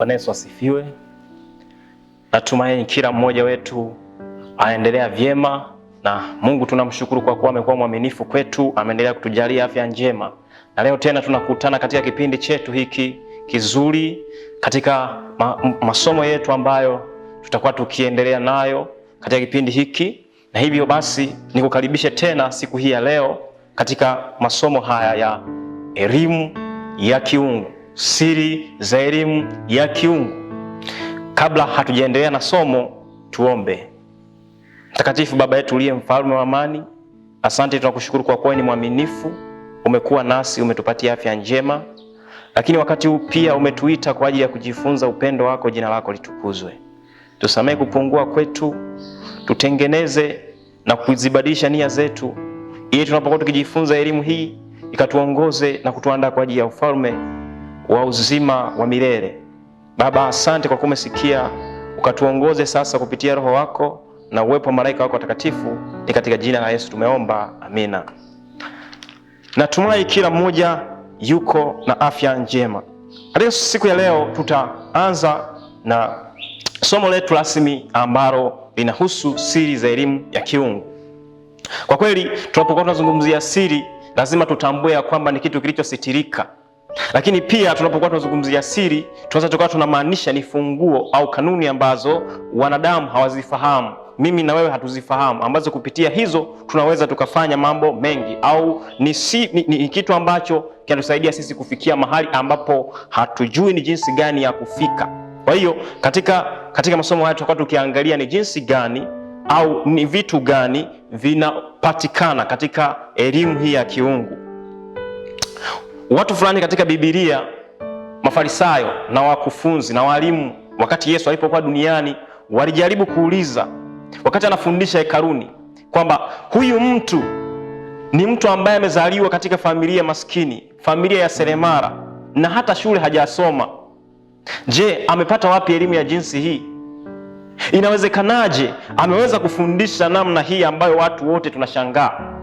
Bwana Yesu asifiwe. Natumaini kila mmoja wetu anaendelea vyema na Mungu tunamshukuru kwa kuwa amekuwa mwaminifu kwetu, ameendelea kutujalia afya njema. Na leo tena tunakutana katika kipindi chetu hiki kizuri katika ma masomo yetu ambayo tutakuwa tukiendelea nayo katika kipindi hiki. Na hivyo basi nikukaribishe tena siku hii ya leo katika masomo haya ya elimu ya kiungu siri za elimu ya kiungu. Kabla hatujaendelea na somo, tuombe. Mtakatifu Baba yetu uliye mfalme wa amani, asante, tunakushukuru kwa kuwa ni mwaminifu, umekuwa nasi, umetupatia afya njema, lakini wakati huu pia umetuita kwa ajili ya kujifunza upendo wako. Jina lako litukuzwe. Tusamehe kupungua kwetu, tutengeneze na kuzibadilisha nia zetu, ili tunapokuwa tukijifunza elimu hii ikatuongoze na kutuandaa kwa ajili ya ufalme wa uzima wa milele. Baba, asante kwa kumesikia, ukatuongoze sasa kupitia Roho wako na uwepo wa malaika wako watakatifu. Ni katika jina la Yesu tumeomba, amina. Natumai kila mmoja yuko na afya njema. Katika siku ya leo, tutaanza na somo letu rasmi ambalo linahusu siri za elimu ya kiungu. Kwa kweli, tunapokuwa tunazungumzia siri, lazima tutambue ya kwamba ni kitu kilichositirika lakini pia tunapokuwa tunazungumzia siri, tunaweza tukawa tunamaanisha ni funguo au kanuni ambazo wanadamu hawazifahamu, mimi na wewe hatuzifahamu, ambazo kupitia hizo tunaweza tukafanya mambo mengi, au ni, si, ni, ni kitu ambacho kinatusaidia sisi kufikia mahali ambapo hatujui ni jinsi gani ya kufika. Kwa hiyo katika, katika masomo haya tutakuwa tukiangalia ni jinsi gani au ni vitu gani vinapatikana katika elimu hii ya kiungu watu fulani katika Biblia, Mafarisayo na wakufunzi na walimu, wakati Yesu alipokuwa duniani, walijaribu kuuliza wakati anafundisha hekaluni kwamba huyu mtu ni mtu ambaye amezaliwa katika familia maskini, familia ya seremara, na hata shule hajasoma. Je, amepata wapi elimu ya jinsi hii? Inawezekanaje ameweza kufundisha namna hii ambayo watu wote tunashangaa?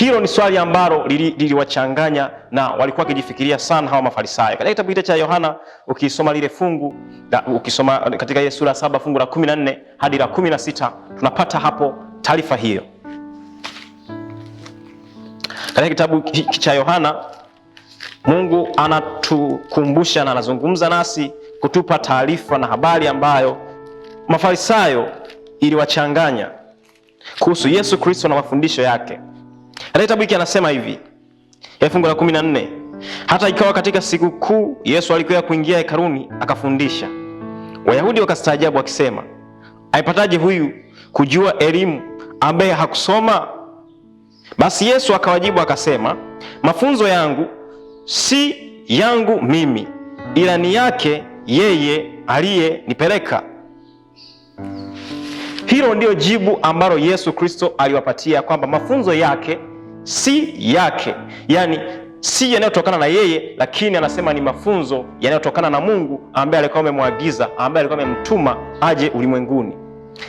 Hilo ni swali ambalo liliwachanganya lili na walikuwa wakijifikiria sana hawa Mafarisayo. Katika kitabu cha Yohana ukisoma lile fungu da, ukisoma katika ile sura saba fungu la 14 hadi la 16 tunapata hapo taarifa hiyo. Katika kitabu cha Yohana Mungu anatukumbusha na anazungumza nasi kutupa taarifa na habari ambayo Mafarisayo iliwachanganya kuhusu Yesu Kristo na mafundisho yake. Katika kitabu hiki anasema hivi, fungu la 14, hata ikawa katika siku kuu Yesu alikuwa kuingia hekaluni akafundisha. Wayahudi wakastaajabu wakisema, aipataje huyu kujua elimu ambaye hakusoma? Basi Yesu akawajibu akasema, mafunzo yangu si yangu mimi, ila ni yake yeye aliyenipeleka. Hilo ndiyo jibu ambalo Yesu Kristo aliwapatia kwamba mafunzo yake si yake, yani si yanayotokana na yeye, lakini anasema ni mafunzo yanayotokana na Mungu ambaye alikuwa amemwagiza, ambaye alikuwa amemtuma aje ulimwenguni.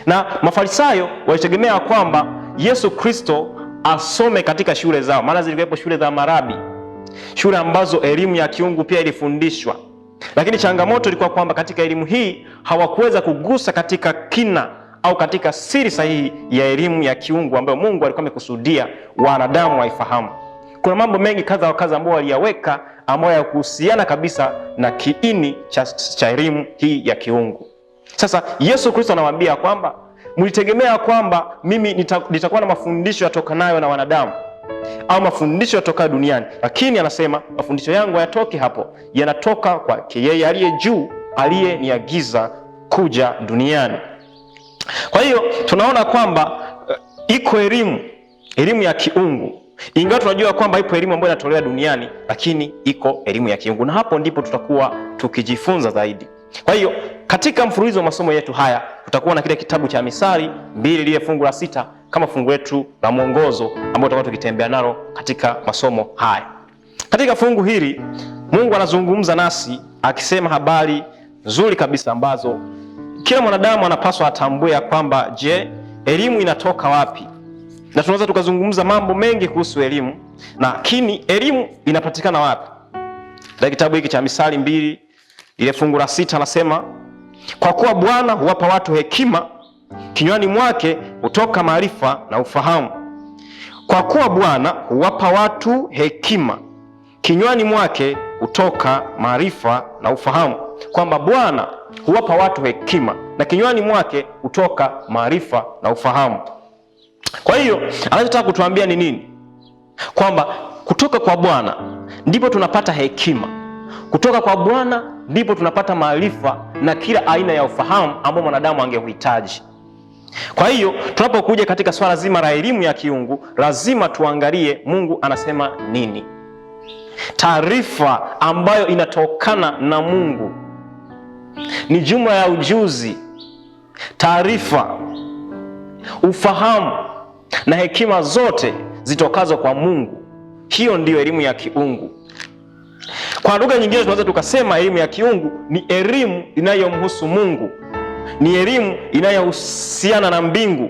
Na Mafarisayo walitegemea kwamba Yesu Kristo asome katika shule zao, maana zilikuwepo shule za marabi, shule ambazo elimu ya kiungu pia ilifundishwa, lakini changamoto ilikuwa kwamba katika elimu hii hawakuweza kugusa katika kina au katika siri sahihi ya elimu ya kiungu ambayo Mungu alikuwa amekusudia wanadamu waifahamu. Kuna mambo mengi kadha wa kadha ambayo waliyaweka ambayo yakuhusiana kabisa na kiini cha elimu hii ya kiungu. Sasa Yesu Kristo anawaambia kwamba mlitegemea kwamba mimi nitakuwa nita na mafundisho yatokanayo na wanadamu au mafundisho yatokayo duniani, lakini anasema mafundisho yangu hayatoki hapo, yanatoka kwa yeye aliye juu, aliyeniagiza kuja duniani. Kwa hiyo tunaona kwamba eh, iko elimu elimu ya kiungu, ingawa tunajua kwamba ipo elimu ambayo inatolewa duniani, lakini iko elimu ya kiungu, na hapo ndipo tutakuwa tukijifunza zaidi. Kwa hiyo katika mfululizo wa masomo yetu haya tutakuwa na kile kitabu cha Misali mbili lile fungu la sita kama fungu letu la mwongozo ambao tutakuwa tukitembea nalo katika masomo haya. Katika fungu hili Mungu anazungumza nasi akisema habari nzuri kabisa ambazo kila mwanadamu anapaswa atambue ya kwamba, je, elimu inatoka wapi? Na tunaweza tukazungumza mambo mengi kuhusu elimu, lakini elimu inapatikana wapi? Na kitabu hiki cha Misali mbili ile fungu la sita anasema, kwa kuwa Bwana huwapa watu hekima, kinywani mwake hutoka maarifa na ufahamu. Kwa kuwa Bwana huwapa watu hekima, kinywani mwake hutoka maarifa na ufahamu, kwamba Bwana huwapa watu hekima na kinywani mwake hutoka maarifa na ufahamu. Kwa hiyo anachotaka kutuambia ni nini? Kwamba kutoka kwa Bwana ndipo tunapata hekima, kutoka kwa Bwana ndipo tunapata maarifa na kila aina ya ufahamu ambao mwanadamu angeuhitaji. Kwa hiyo tunapokuja katika swala zima la elimu ya kiungu, lazima tuangalie Mungu anasema nini. Taarifa ambayo inatokana na Mungu ni jumla ya ujuzi, taarifa, ufahamu na hekima zote zitokazo kwa Mungu. Hiyo ndiyo elimu ya kiungu. Kwa lugha nyingine tunaweza tukasema elimu ya kiungu ni elimu inayomhusu Mungu, ni elimu inayohusiana na mbingu,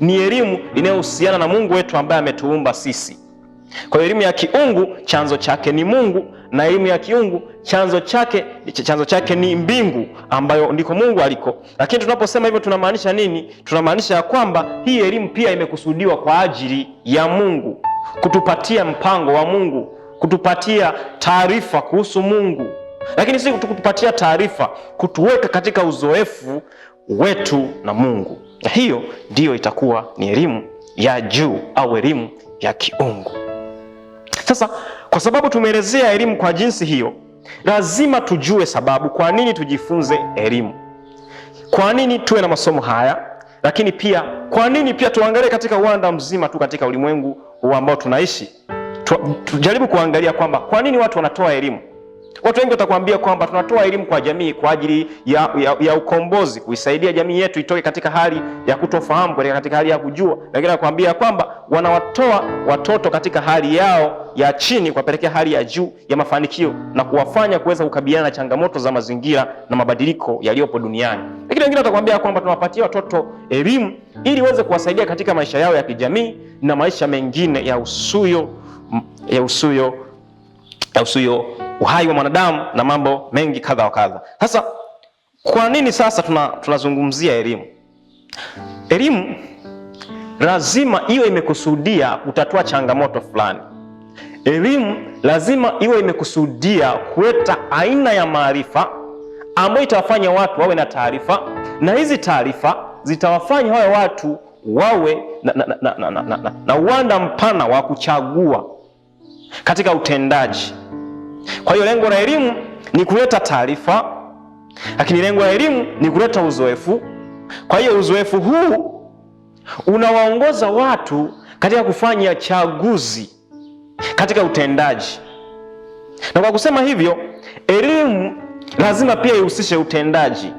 ni elimu inayohusiana na Mungu wetu ambaye ametuumba sisi. Kwa hiyo elimu ya kiungu chanzo chake ni Mungu na elimu ya kiungu chanzo chake chanzo chake ni mbingu ambayo ndiko Mungu aliko. Lakini tunaposema hivyo tunamaanisha nini? Tunamaanisha ya kwamba hii elimu pia imekusudiwa kwa ajili ya Mungu, kutupatia mpango wa Mungu, kutupatia taarifa kuhusu Mungu, lakini si kutupatia taarifa, kutuweka katika uzoefu wetu na Mungu, na hiyo ndiyo itakuwa ni elimu ya juu au elimu ya kiungu. Sasa kwa sababu tumeelezea elimu kwa jinsi hiyo, lazima tujue sababu kwa nini tujifunze elimu, kwa nini tuwe na masomo haya, lakini pia kwa nini pia tuangalie katika uwanda mzima tu, katika ulimwengu ambao tunaishi, tujaribu kuangalia kwamba kwa nini watu wanatoa elimu. Watu wengi watakwambia kwamba tunatoa elimu kwa jamii kwa ajili ya, ya, ya ukombozi, kuisaidia jamii yetu itoke katika hali ya kutofahamu kuelekea katika hali ya kujua, lakini wanakwambia kwamba wanawatoa watoto katika hali yao ya chini kuwapelekea hali ya juu ya mafanikio na kuwafanya kuweza kukabiliana na changamoto za mazingira na mabadiliko yaliyopo duniani. Lakini wengine watakwambia kwamba tunawapatia watoto elimu ili waweze kuwasaidia katika maisha yao ya kijamii na maisha mengine ya usuyo, ya usuyo, ya usuyo uhai wa mwanadamu na mambo mengi kadha wa kadha. Sasa kwa nini sasa tuna, tunazungumzia elimu? Elimu lazima iwe imekusudia kutatua changamoto fulani. Elimu lazima iwe imekusudia kuleta aina ya maarifa ambayo itawafanya watu wawe na taarifa, na hizi taarifa zitawafanya wale watu wawe na, na, na, na, na, na, na uwanda mpana wa kuchagua katika utendaji. Kwa hiyo lengo la elimu ni kuleta taarifa, lakini lengo la elimu ni kuleta uzoefu. Kwa hiyo uzoefu huu unawaongoza watu katika kufanya chaguzi katika utendaji. Na kwa kusema hivyo, elimu lazima pia ihusishe utendaji.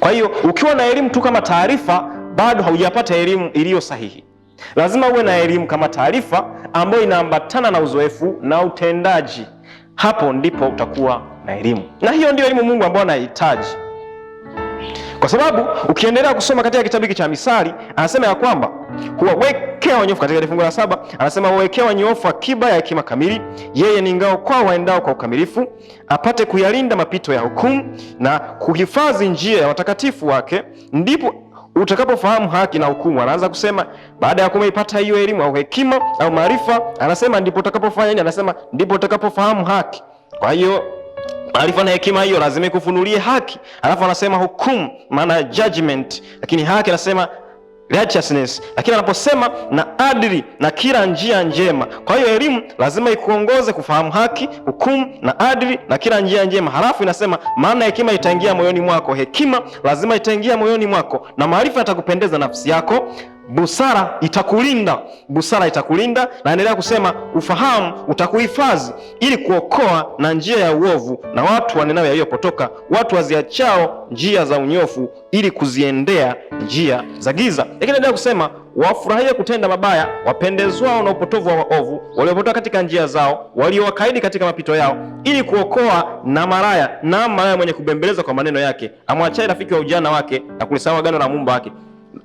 Kwa hiyo ukiwa na elimu tu kama taarifa, bado haujapata elimu iliyo sahihi. Lazima uwe na elimu kama taarifa ambayo inaambatana na uzoefu na utendaji. Hapo ndipo utakuwa na elimu, na hiyo ndiyo elimu Mungu ambayo anahitaji kwa sababu ukiendelea kusoma katika kitabu hiki cha Misali anasema ya kwamba huwawekea wanyofu katika ile fungu la saba, anasema wawekea wanyofu akiba ya hekima kamili, yeye ni ngao kwao waendao kwa ukamilifu, apate kuyalinda mapito ya hukumu na kuhifadhi njia ya watakatifu wake, ndipo utakapofahamu haki na hukumu. Anaanza kusema baada ya kumeipata hiyo elimu au hekima au maarifa, anasema ndipo utakapofanya nini? Anasema ndipo utakapofahamu haki. Kwa hiyo maarifa na hekima hiyo lazima ikufunulie haki. Alafu anasema hukumu, maana judgment, lakini haki anasema righteousness, lakini anaposema na adili na kila njia njema. Kwa hiyo elimu lazima ikuongoze kufahamu haki, hukumu na adili na kila njia njema. Halafu inasema maana hekima itaingia moyoni mwako. Hekima lazima itaingia moyoni mwako na maarifa yatakupendeza nafsi yako. Busara itakulinda, busara itakulinda. Naendelea kusema ufahamu utakuhifadhi, ili kuokoa na njia ya uovu na watu wanenao yaliyopotoka, watu waziachao njia za unyofu, ili kuziendea njia za giza. Lakini naendelea kusema wafurahie kutenda mabaya, wapendezwao na upotovu wa waovu, waliopotoka katika njia zao, waliowakaidi katika mapito yao, ili kuokoa na maraya na maraya mwenye kubembeleza kwa maneno yake, amwachaye rafiki wa ujana wake, na kulisahau agano la muumba wake.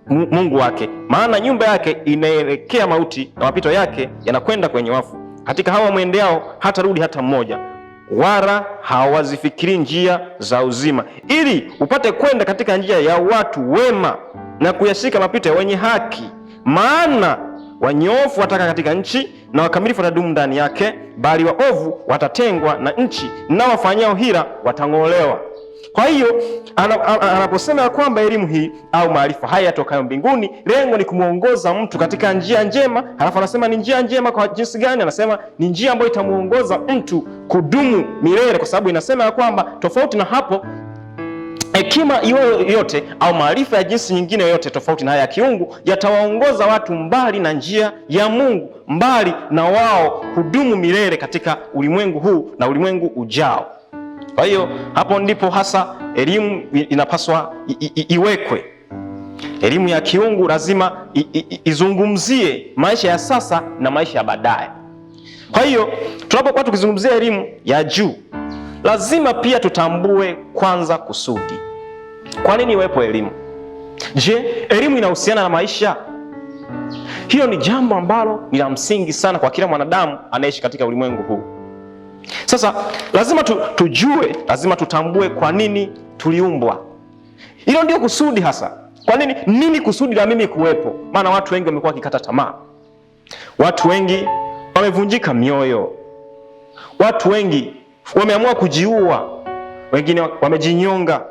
Mungu wake, maana nyumba yake inaelekea mauti na mapito yake yanakwenda kwenye wafu. Katika hawa mwendeao hatarudi hata mmoja, wala hawazifikiri njia za uzima, ili upate kwenda katika njia ya watu wema na kuyashika mapito ya wenye haki. Maana wanyofu wataka katika nchi na wakamilifu watadumu ndani yake, bali waovu watatengwa na nchi, na wafanyao hila watang'olewa. Kwa hiyo anaposema ya kwamba elimu hii au maarifa haya yatokayo mbinguni, lengo ni kumwongoza mtu katika njia njema. Halafu anasema ni njia njema kwa jinsi gani? Anasema ni njia ambayo itamwongoza mtu kudumu milele, kwa sababu inasema ya kwamba tofauti na hapo hekima yoyote au maarifa ya jinsi nyingine yoyote tofauti na haya ya kiungu yatawaongoza watu mbali na njia ya Mungu, mbali na wao kudumu milele katika ulimwengu huu na ulimwengu ujao. Kwa hiyo hapo ndipo hasa elimu inapaswa iwekwe. Elimu ya kiungu lazima izungumzie maisha ya sasa na maisha ya baadaye. Kwa hiyo tunapokuwa tukizungumzia elimu ya juu, lazima pia tutambue kwanza kusudi. Kwa nini iwepo elimu? Je, elimu inahusiana na maisha? hiyo ni jambo ambalo ni la msingi sana kwa kila mwanadamu anayeishi katika ulimwengu huu. Sasa lazima tu, tujue, lazima tutambue kwa nini tuliumbwa. Hilo ndio kusudi hasa. Kwa nini nini kusudi la mimi kuwepo? Maana watu wengi wamekuwa wakikata tamaa, watu wengi wamevunjika mioyo, watu wengi wameamua kujiua, wengine wamejinyonga,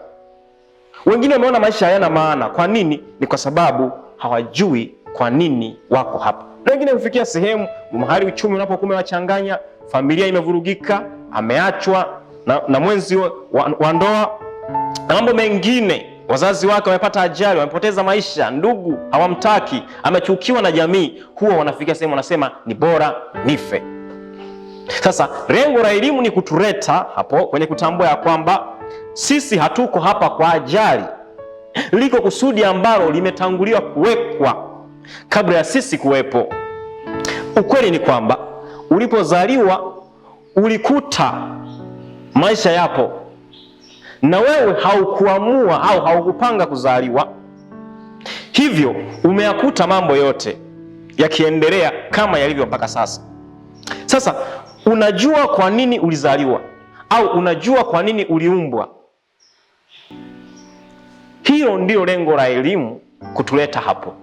wengine wameona maisha hayana maana. Kwa nini? Ni kwa sababu hawajui kwa nini wako hapa. Wengine hufikia sehemu mahali uchumi unapokuwa umewachanganya familia imevurugika, ameachwa na, na mwenzi wa, wa, ndoa na mambo mengine. Wazazi wake wamepata ajali, wamepoteza maisha, ndugu hawamtaki, amechukiwa na jamii. Huwa wanafikia sehemu wanasema ni bora nife. Sasa lengo la elimu ni kutuleta hapo kwenye kutambua ya kwamba sisi hatuko hapa kwa ajali, liko kusudi ambalo limetanguliwa kuwekwa kabla ya sisi kuwepo. Ukweli ni kwamba ulipozaliwa ulikuta maisha yapo, na wewe haukuamua au haukupanga kuzaliwa, hivyo umeyakuta mambo yote yakiendelea kama yalivyo mpaka sasa. Sasa unajua kwa nini ulizaliwa au unajua kwa nini uliumbwa. Hilo ndio lengo la elimu kutuleta hapo,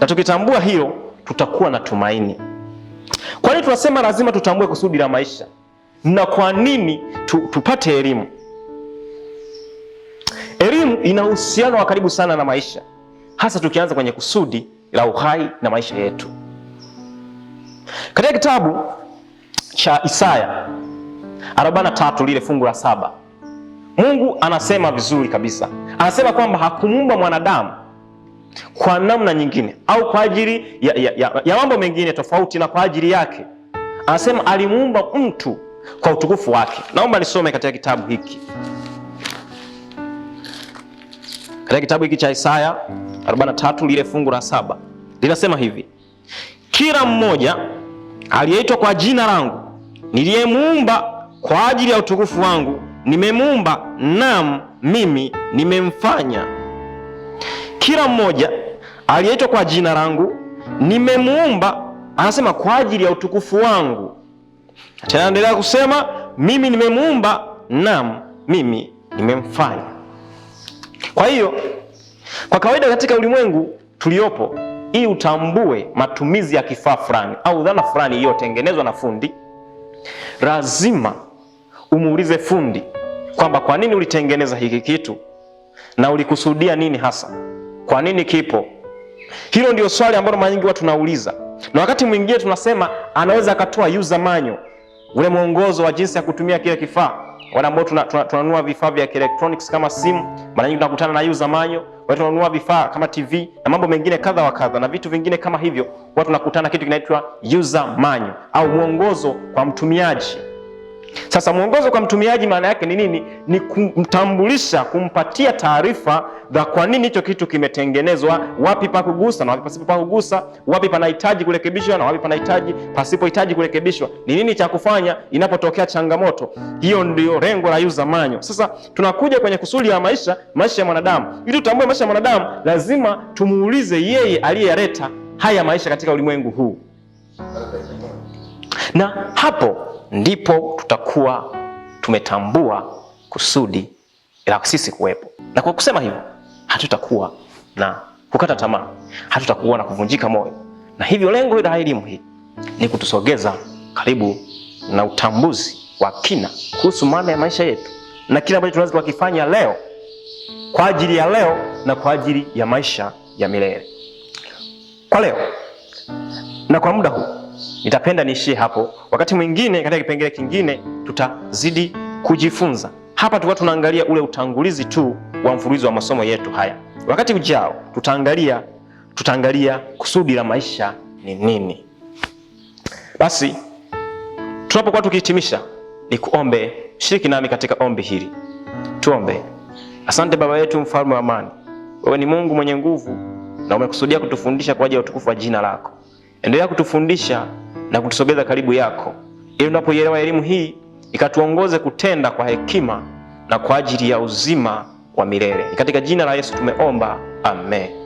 na tukitambua hilo tutakuwa na tumaini. Kwa nini tunasema lazima tutambue kusudi la maisha na kwa nini tu, tupate elimu? Elimu ina uhusiano wa karibu sana na maisha, hasa tukianza kwenye kusudi la uhai na maisha yetu. Katika kitabu cha Isaya 43 lile fungu la saba Mungu anasema vizuri kabisa, anasema kwamba hakumuumba mwanadamu kwa namna nyingine au kwa ajili ya, ya, ya, ya mambo mengine tofauti na kwa ajili yake. Anasema alimuumba mtu kwa utukufu wake. Naomba nisome katika kitabu hiki katika kitabu hiki cha Isaya 43 lile fungu la saba linasema hivi, kila mmoja aliyeitwa kwa jina langu niliyemuumba kwa ajili ya utukufu wangu nimemuumba, nam mimi nimemfanya kila mmoja aliyeitwa kwa jina langu nimemuumba, anasema kwa ajili ya utukufu wangu. Tena endelea kusema mimi nimemuumba, naam mimi nimemfanya. Kwa hiyo kwa kawaida katika ulimwengu tuliopo, ili utambue matumizi ya kifaa fulani au dhana fulani iliyotengenezwa na fundi, lazima umuulize fundi kwamba kwa nini ulitengeneza hiki kitu na ulikusudia nini hasa. Kwa nini kipo? Hilo ndio swali ambalo mara nyingi watu tunauliza, na wakati mwingine tunasema anaweza akatoa user manual, ule mwongozo wa jinsi ya kutumia kile kifaa. Wale ambao tunanunua tuna vifaa vya electronics kama simu, mara nyingi tunakutana na user manual. Wale tunanunua vifaa kama TV na mambo mengine kadha wa kadha na vitu vingine kama hivyo, watu tunakutana kitu kinaitwa user manual au mwongozo kwa mtumiaji. Sasa mwongozo kwa mtumiaji maana yake ni nini? Ni kumtambulisha, kumpatia taarifa za kwa nini hicho kitu kimetengenezwa, wapi pa kugusa na wapi pasipo pa kugusa, wapi panahitaji kurekebishwa na wapi panahitaji pasipohitaji kurekebishwa, ni nini cha kufanya inapotokea changamoto. Hiyo ndio lengo la user manual. Sasa tunakuja kwenye kusudi ya maisha, maisha ya mwanadamu. Ili tutambue maisha ya mwanadamu, lazima tumuulize yeye aliyeyaleta haya maisha katika ulimwengu huu, na hapo ndipo tutakuwa tumetambua kusudi la sisi kuwepo, na kwa kusema hivyo hatutakuwa na kukata tamaa, hatutakuwa na kuvunjika moyo. Na hivyo lengo la elimu hii ni kutusogeza karibu na utambuzi wa kina kuhusu maana ya maisha yetu na kile ambacho tunaweza kukifanya leo kwa ajili ya leo na kwa ajili ya maisha ya milele, kwa leo na kwa muda huu. Nitapenda niishie hapo. Wakati mwingine katika kipengele kingine tutazidi kujifunza. Hapa tulikuwa tunaangalia ule utangulizi tu wa mfululizo wa masomo yetu haya. Wakati ujao tutaangalia tutaangalia kusudi la maisha ni nini. Basi tunapokuwa tukihitimisha, ni kuombe, shiriki nami katika ombi hili. Tuombe. Asante Baba yetu, mfalme wa amani, wewe ni Mungu mwenye nguvu na umekusudia kutufundisha kwa ajili ya utukufu wa jina lako. Endelea kutufundisha na kutusogeza karibu yako, ili tunapoielewa elimu hii ikatuongoze kutenda kwa hekima na kwa ajili ya uzima wa milele. Katika jina la Yesu tumeomba, amen.